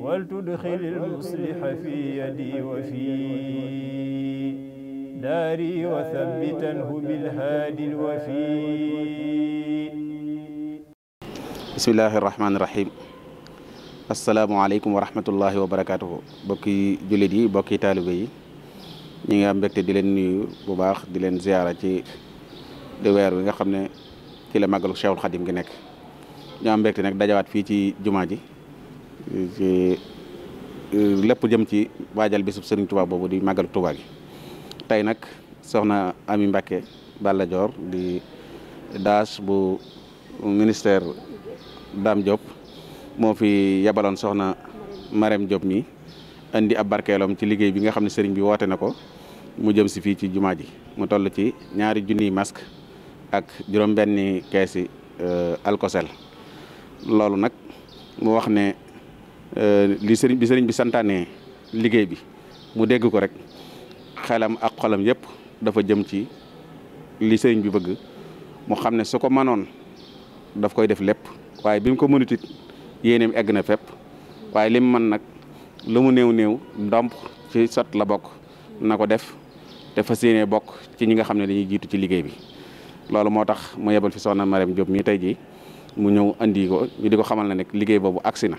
ولتدخل المصلح في يدي وفي داري وثبتنه بالهادي الوفي بسم الله الرحمن الرحيم asalaamaaleykum wa rahmatullahi wa barakaatuhu bokki jullit yi bokki taalibe yi ñi ngi am mbégte di leen nuyu bu baax di leen ziyaara ci di weer wi nga xam ne ci la màggalu Cheikhul Xadim gi nekk ñu am mbégte nag dajawaat fii ci jumaa ji ci euh, lépp jëm ci waajal bésu Serigne Touba boobu di màggal Touba gi tey nag soxna Ami Mbacke Balla Dior di daas bu ministère Dame Diop moo fi yabaloon soxna Marème Diop mi indi ab barkeeloom ci liggéey bi nga xam ne sëriñ bi woote na ko mu jëm si fii ci jumaa ji mu toll ci ñaari junniy masque ak juróom-benni keesi euh, alkosel loolu nag mu wax ne Euh, li sëriñ bi sëriñ bi santaane liggéey bi mu dégg ko rek xelam ak xolam yëpp dafa jëm ci li sëriñ bi bëgg mu xam ne su ko manoon daf koy def lépp waaye bi mu ko mënut it egg na fépp waaye lim man nag lu mu néew néew ndomp ci sat la bokk na ko def te fas bokk ci ñi nga xam ne dañuy jiitu ci liggéey bi loolu moo tax mu yebal fi soxna Mariam Diop mii tey jii mu ñëw andi ko ñu di ko xamal na nekk liggéey boobu agsi na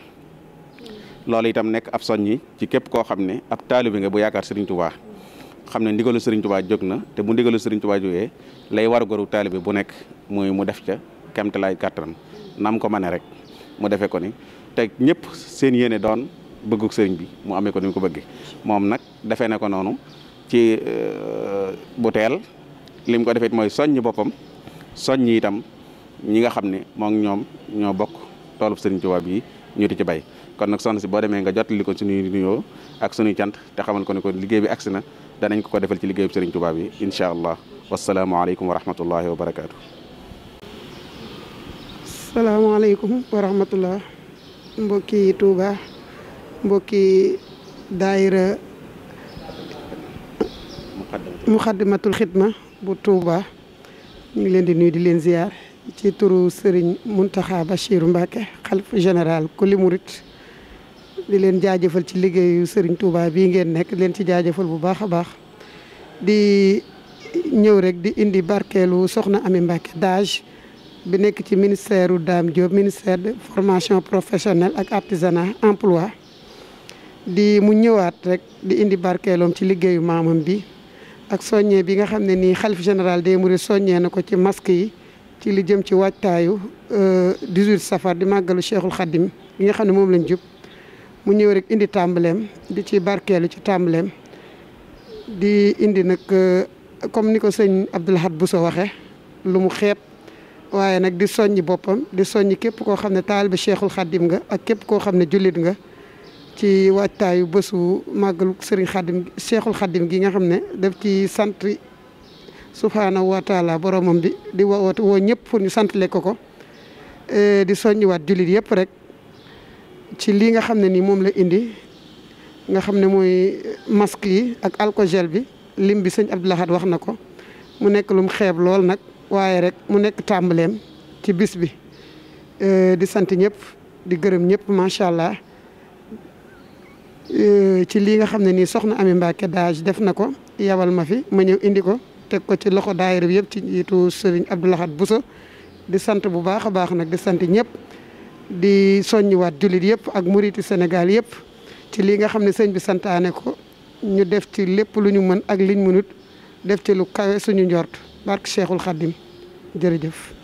loolu itam nekk ab soññi ci képp koo xam ne ab taalibe nga bu yaakaar Serigne Touba xam ne ndigalu Serigne Touba jóg na te bu ndigalu Serigne Touba jógee lay war goru taalibe bu nekk muy mu def ca kemtalaay kàttan nam ko mane rek mu defee ko ni te ñëpp seen yéene doon bëgguk sëriñ bi mu amee ko ni ko bëggee moom nag defee na ko noonu ci euh, bu teel li ko defee mooy soññ boppam soññ itam ñi nga xam ne moom ñoom ñoo bokk toolub Serigne Touba bii ñu di ci bay kon nag soxna si boo demee nga jottali ko suñuy nuyoo ak suñuy cant te xamal ko ne ko liggéey bi agsi na danañ ko ko defal ci liggéey bi Sëriñ Tuubaa bi incha allah wasalaamualeykum wa rahmatullahi wa barakaatu. salaamaaleykum wa rahmatullah mbokki Touba mbokki daayira muxaddamatul xidma bu Touba ñu ngi leen di nuyu di leen ziar. ci turu Serigne Mountakha Bachir Mbacké xalifa général kulli murit di leen jaajëfal ci liggéeyu Serigne Touba bii ngeen nekk leen ci jaajëfal bu baax a baax di ñëw rek di indi barkeelu soxna ami Mbacké Dage bi nekk ci ministère u Dame Diop ministère de formation professionnel ak artisanat emploi di mu ñëwaat rek di indi barkeeloom ci liggéeyu maamam bi ak soññee bi nga xam ne nii xalif général des mourides soññee na ko ci masque yi ci li jëm ci waajtaayu 18 euh, safar di màggalu cheikhul xaddim gi nga xam ne moom lañ jub mu ñëw rek indi tàmbaleem di ci barkeelu ci tàmbaleem di indi nag euh, comme ni ko sëñ Abdou Lahad Bousso waxee lu mu xeeb waaye nag di soññi boppam di soññi képp koo xam ne taal taaliba cheikhul xaddim nga ak képp koo xam ne jullit nga ci waajtaayu bësu màggalu sëriñ xaddim cheikhul xaddim gi nga xam ne def ci sant subhaanahu wa taala boromam bi di woo woo ñëpp pour ñu santale ko ko eh, di waat jullit yëpp rek ci lii nga xam ne nii moom la indi nga xam ne mooy masque yi ak alcogel bi lim bi sëñ Abdou Lahad wax na ko mu nekk lum xeeb lool nag waaye rek mu nekk tàmbaleem ci bis bi eh, di sant ñëpp di gërëm ñëpp macha allah eh, ci lii nga xam ne nii soxna Amy Mbacké Daaj def na ko yabal ma fi ma ñëw indi ko. teg ko ci loxo daayira bi yëpp ci njiitu Serigne Abdou Lahad Bousso di sant bu baax a baax nag di sant ñëpp di soññiwaat jullit yëpp ak muriti Sénégal yëpp ci lii nga xam ne sëñ bi santaane ko ñu def ci lépp lu ñu mën ak liñ mënut def ci lu kawe suñu njort barke Cheikhul Khadim jërëjëf